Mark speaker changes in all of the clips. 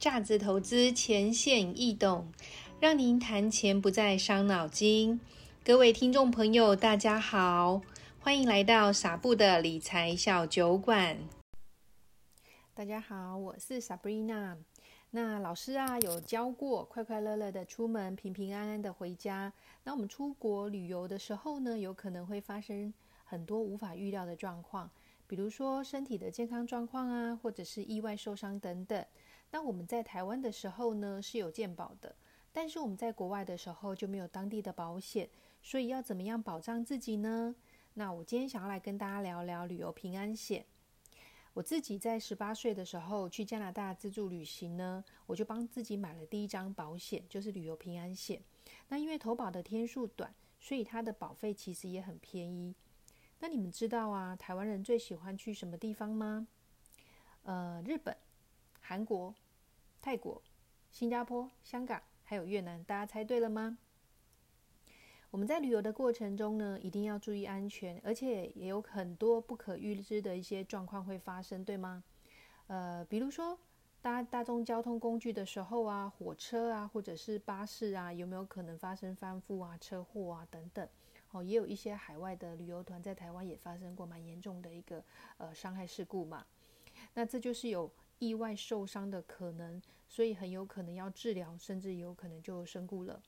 Speaker 1: 價值投資淺顯易懂，讓您談錢不再傷腦筋。各位聽眾朋友，大家好，歡迎來到傻布的理財小酒館。大家好，我是 Sabrina。那老師啊，有教過快快樂樂的出門，平平安安的回家。那我們出國旅遊的時候呢，有可能會發生很多無法預料的狀況，比如說身體的健康狀況啊，或者是意外受傷等等。那我們在台灣的時候呢，是有健保的，但是我們在國外的時候就沒有當地的保險，所以要怎麼樣保障自己呢？那我今天想要來跟大家聊聊旅遊平安險。我自己在十八歲的時候去加拿大自助旅行呢，我就幫自己買了第一張保險，就是旅遊平安險。那因為投保的天數短，所以它的保費其實也很便宜。那你們知道啊，台灣人最喜歡去什麼地方嗎？呃，日本。韓國、泰國、新加坡、香港，還有越南，大家猜對了嗎？我們在旅遊的過程中呢，一定要注意安全，而且也有很多不可預知的一些狀況會發生，對嗎？呃，比如說搭大眾交通工具的時候啊，火車啊，或者是巴士啊，有沒有可能發生翻覆啊、車禍啊等等。哦，也有一些海外的旅游團在台灣也發生過蠻嚴重的一個呃傷害事故嘛。那這就是有。意外受傷的可能，所以很有可能要治療，甚至有可能就身故了。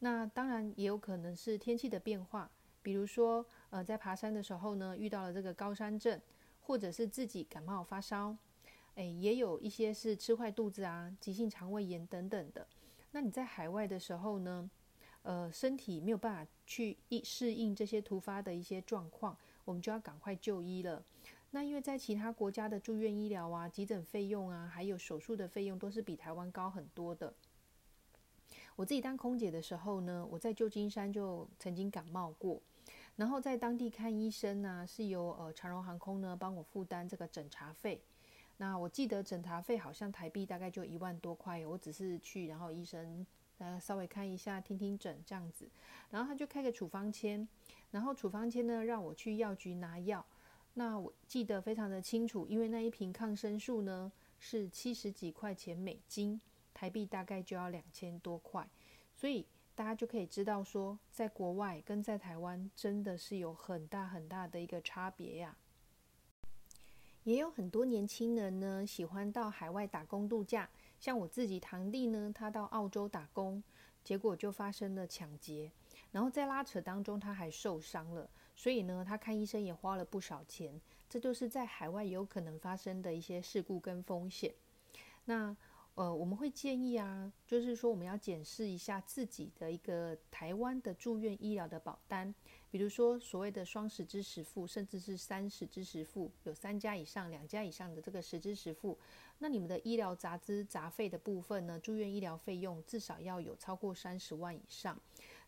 Speaker 1: 那當然也有可能是天氣的變化，比如說呃，在爬山的時候呢，遇到了這個高山症，或者是自己感冒發燒，哎，也有一些是吃壞肚子啊，急性腸胃炎等等的。那你在海外的時候呢，呃，身體沒有辦法去適應這些突發的一些狀況，我們就要趕快就醫了。那因為在其他國家的住院醫療啊、急診費用啊，還有手術的費用都是比台灣高很多的。我自己當空姐的時候呢，我在舊金山就曾經感冒過，然後在當地看醫生呢、啊，是由呃長榮航空呢幫我負擔這個診查費。那我記得診查費好像台幣大概就一萬多塊，我只是去然後醫生呃稍微看一下聽聽診這樣子，然後他就開個處方簽，然後處方簽呢讓我去藥局拿藥。那我記得非常的清楚，因為那一瓶抗生素呢是七十幾塊錢美金，台幣大概就要兩千多塊，所以大家就可以知道說，在國外跟在台灣真的是有很大很大的一個差別呀、啊。也有很多年輕人呢喜歡到海外打工度假，像我自己堂弟呢，他到澳洲打工，結果就發生了搶劫，然後在拉扯當中他還受傷了。所以呢，他看醫生也花了不少錢。這就是在海外有可能發生的一些事故跟風險。那呃，我們會建議啊，就是說我們要檢視一下自己的一個台灣的住院醫療的保單，比如說所謂的雙十實支實付，甚至是三十實支實付，有三家以上、兩家以上的這個實支實付。那你們的醫療雜支雜費的部分呢，住院醫療費用至少要有超過三十萬以上。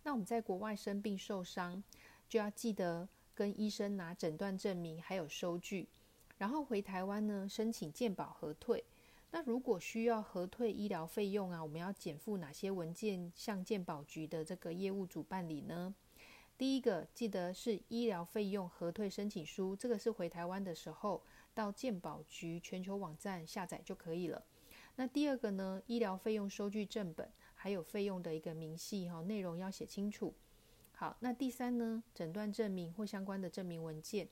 Speaker 1: 那我們在國外生病受傷，就要記得跟醫生拿診斷證明，還有收據，然後回台灣呢，申請健保核退。那如果需要核退醫療費用啊，我們要檢附哪些文件，向健保局的這個業務組辦理呢？第一個記得是醫療費用核退申請書，這個是回台灣的時候到健保局全球網站下載就可以了。那第二個呢，醫療費用收據正本，還有費用的一個明細哈，內容要寫清楚。好，那第三呢，診斷證明或相關的證明文件。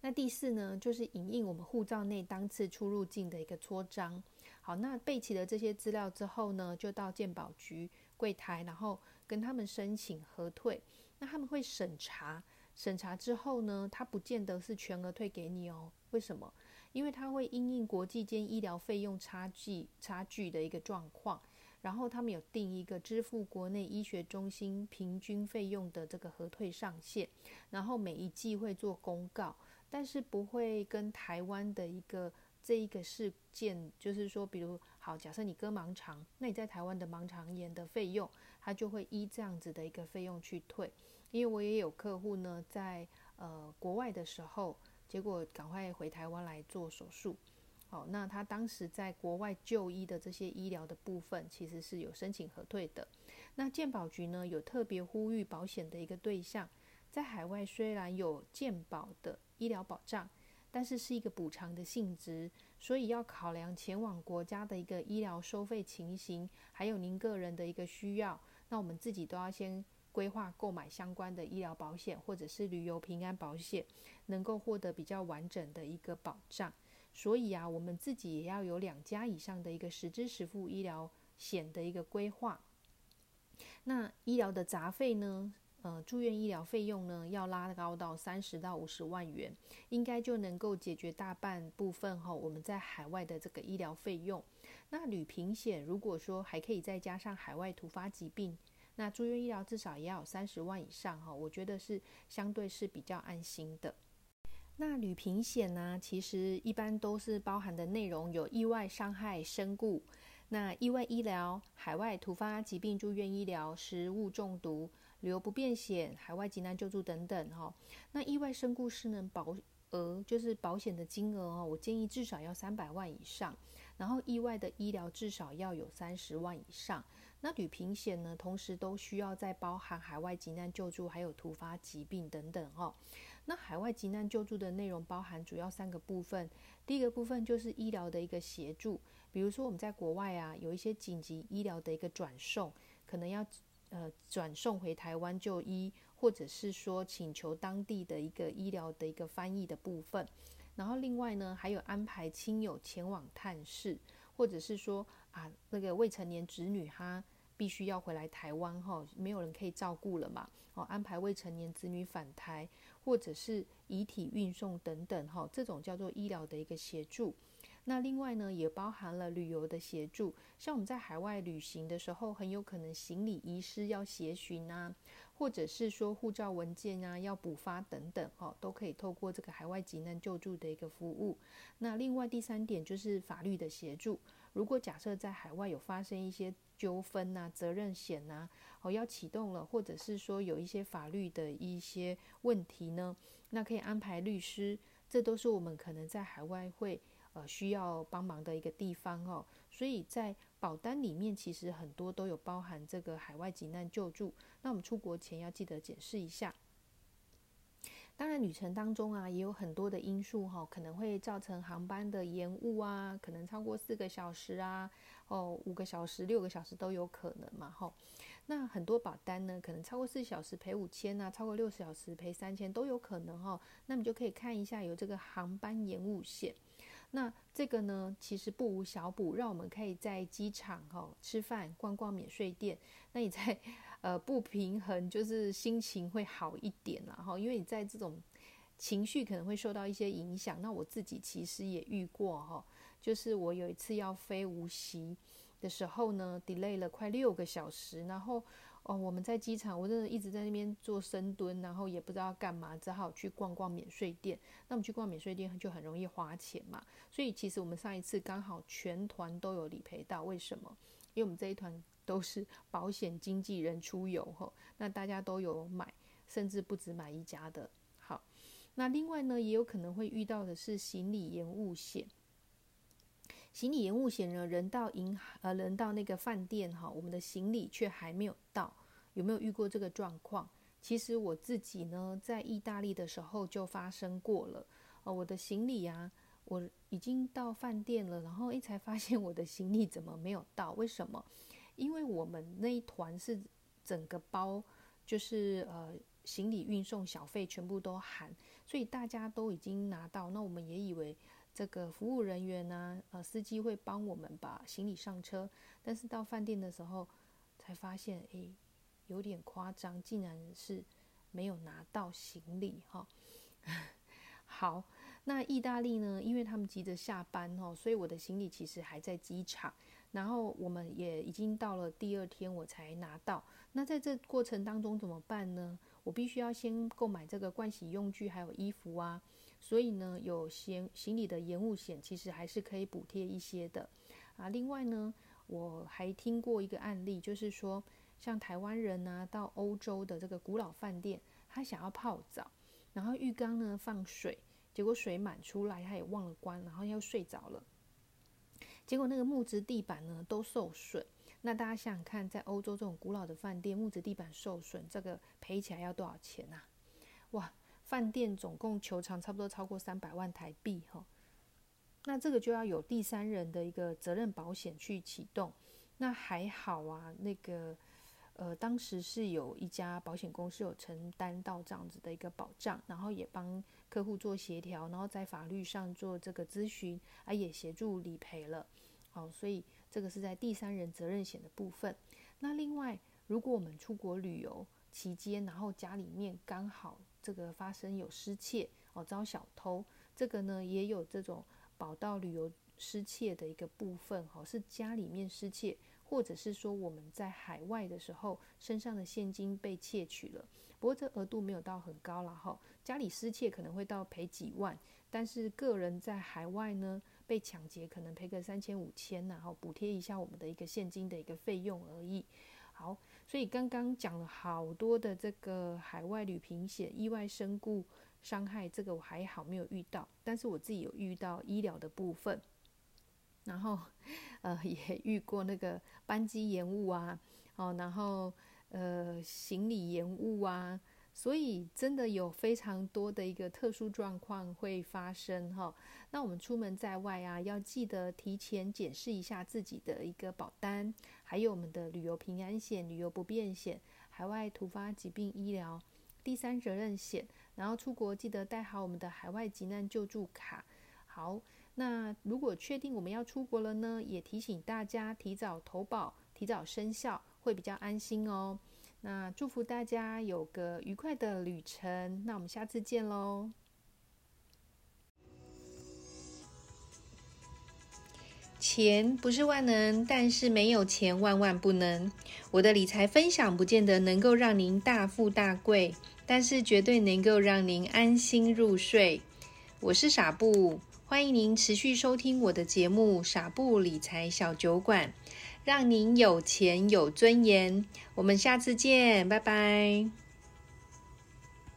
Speaker 1: 那第四呢，就是影印我們護照內當次出入境的一個戳章。好，那備齊了這些資料之後呢，就到健保局櫃檯，然後跟他們申請核退。那他們會審查，審查之後呢，他不見得是全額退給你哦。為什麼？因為他會因應國際間醫療費用差距、差距的一個狀況。然後他們有定一個支付國內醫學中心平均費用的這個核退上限，然後每一季會做公告，但是不會跟台灣的一個這一個事件，就是說，比如好，假設你割盲腸，那你在台灣的盲腸炎的費用，他就會依這樣子的一個費用去退，因為我也有客戶呢，在呃國外的時候，結果趕快回台灣來做手術。好，那他當時在國外就醫的這些醫療的部分，其實是有申請核退的。那健保局呢，有特別呼籲保險的一個對象，在海外雖然有健保的醫療保障，但是是一個補償的性質，所以要考量前往國家的一個醫療收費情形，還有您個人的一個需要。那我們自己都要先規劃購買相關的醫療保險，或者是旅遊平安保險，能夠獲得比較完整的一個保障。所以啊，我們自己也要有兩家以上的一個實支實付醫療險的一個規劃。那醫療的雜費呢，呃，住院醫療費用呢，要拉高到三十到五十萬元，應該就能夠解決大半部分齁。我們在海外的這個醫療費用，那旅平險如果說還可以再加上海外突發疾病，那住院醫療至少也要三十萬以上齁。我覺得是相對是比較安心的。那旅平險呢？其實一般都是包含的內容有意外傷害、身故、那意外醫療、海外突發疾病住院醫療、食物中毒、旅遊不便險、海外急難救助等等哈，哦。那意外身故是呢保額，呃，就是保險的金額哦。我建議至少要三百萬以上，然後意外的醫療至少要有三十萬以上。那旅平險呢，同時都需要再包含海外急難救助，還有突發疾病等等哈，哦。那海外急難救助的內容包含主要三個部分。第一個部分就是醫療的一個協助，比如說我們在國外啊，有一些緊急醫療的一個轉送，可能要呃轉送回台灣就醫，或者是說請求當地的一個醫療的一個翻譯的部分。然後另外呢，還有安排親友前往探視，或者是說啊那個未成年子女他，必須要回來台灣哈，沒有人可以照顧了嘛，哦安排未成年子女返台。或者是遺體運送等等，哈，這種叫做醫療的一個協助。那另外呢，也包含了旅遊的協助，像我們在海外旅行的時候，很有可能行李遺失要協尋啊，或者是說護照文件啊要補發等等，哈，都可以透過這個海外急難救助的一個服務。那另外第三點就是法律的協助，如果假設在海外有發生一些糾紛吶、啊，責任險吶、啊，哦，要啟動了，或者是說有一些法律的一些問題呢，那可以安排律師，這都是我們可能在海外會呃需要幫忙的一個地方哦。所以在保單裡面，其實很多都有包含這個海外急難救助，那我們出國前要記得檢視一下。當然，旅程當中啊，也有很多的因素哈、哦，可能會造成航班的延誤啊，可能超過四個小時啊，哦，五個小時、六個小時都有可能嘛，哈、哦。那很多保單呢，可能超過四小時賠五千吶，超過六十小時賠三千都有可能哈、哦。那麼就可以看一下有這個航班延誤險。那這個呢，其實不無小補，讓我們可以在機場、哦、吃飯、逛逛免稅店。那你在。呃，不平衡就是心情會好一點啦，然後因為你在這種情緒可能會受到一些影響。那我自己其實也遇過哈、哦，就是我有一次要飛無錫的時候呢，delay 了快六個小時，然後哦，我們在機場，我真的一直在那邊做深蹲，然後也不知道幹嘛，只好去逛逛免稅店。那我們去逛免稅店就很容易花錢嘛，所以其實我們上一次剛好全團都有理賠到，為什麼？因為我們這一團。都是保險經紀人出遊哈，那大家都有買，甚至不止買一家的。好，那另外呢，也有可能會遇到的是行李延誤險。行李延誤險呢，人到銀呃，人到那個飯店哈，我們的行李卻還沒有到，有沒有遇過這個狀況？其實我自己呢，在意大利的時候就發生過了。呃，我的行李啊，我已經到飯店了，然後一才發現我的行李怎麼沒有到？為什麼？因為我們那一團是整個包，就是呃行李運送、小費全部都含，所以大家都已經拿到。那我們也以為這個服務人員呢、啊，呃，司機會幫我們把行李上車，但是到飯店的時候才發現，哎，有點誇張，竟然是沒有拿到行李哈。哦、 好，那意大利呢，因為他們急着下班哦，所以我的行李其實還在機場。然後我們也已經到了第二天，我才拿到。那在這過程當中怎麼辦呢？我必須要先購買這個盥洗用具，還有衣服啊。所以呢，有行行李的延誤險，其實還是可以補貼一些的。啊，另外呢，我還聽過一個案例，就是說，像台灣人呢、啊，到歐洲的這個古老飯店，他想要泡澡，然後浴缸呢放水，結果水滿出來，他也忘了關，然後又睡着了。結果那個木質地板呢都受損，那大家想想看，在歐洲這種古老的飯店，木質地板受損，這個賠起來要多少錢吶、啊？哇，飯店總共求償差不多超過三百萬台幣哈、哦，那這個就要有第三人的一個責任保險去啟動，那還好啊，那個。呃，當時是有一家保險公司有承擔到這樣子的一個保障，然後也幫客戶做協調，然後在法律上做這個諮詢，啊，也協助理賠了，好、哦，所以這個是在第三人責任險的部分。那另外，如果我們出國旅遊期間，然後家裡面剛好這個發生有失竊哦，遭小偷，這個呢也有這種保到旅遊失竊的一個部分，哈、哦，是家裡面失竊。或者是說我們在海外的時候，身上的現金被竊取了，不過這額度沒有到很高了哈。家裡失竊可能會到賠幾萬，但是個人在海外呢被搶劫，可能賠個三千五千，然後補貼一下我們的一個現金的一個費用而已。好，所以剛剛講了好多的這個海外旅平險、意外身故、傷害，這個我還好沒有遇到，但是我自己有遇到醫療的部分，然後。呃，也遇過那個班機延誤啊，哦，然後呃行李延誤啊，所以真的有非常多的一個特殊狀況會發生哈、哦。那我們出門在外啊，要記得提前檢視一下自己的一個保單，還有我們的旅遊平安險、旅遊不便險、海外突發疾病醫療、第三人責任險，然後出國記得帶好我們的海外急難救助卡，好。那如果確定我們要出國了呢？也提醒大家提早投保，提早生效，會比較安心哦。那祝福大家有個愉快的旅程。那我們下次見嘍。錢不是萬能，但是沒有錢萬萬不能。我的理財分享不見得能夠讓您大富大貴，但是絕對能夠讓您安心入睡。我是傻布。歡迎您持續收聽我的節目《傻不理財小酒館》，讓您有錢有尊嚴。我們下次見，拜拜。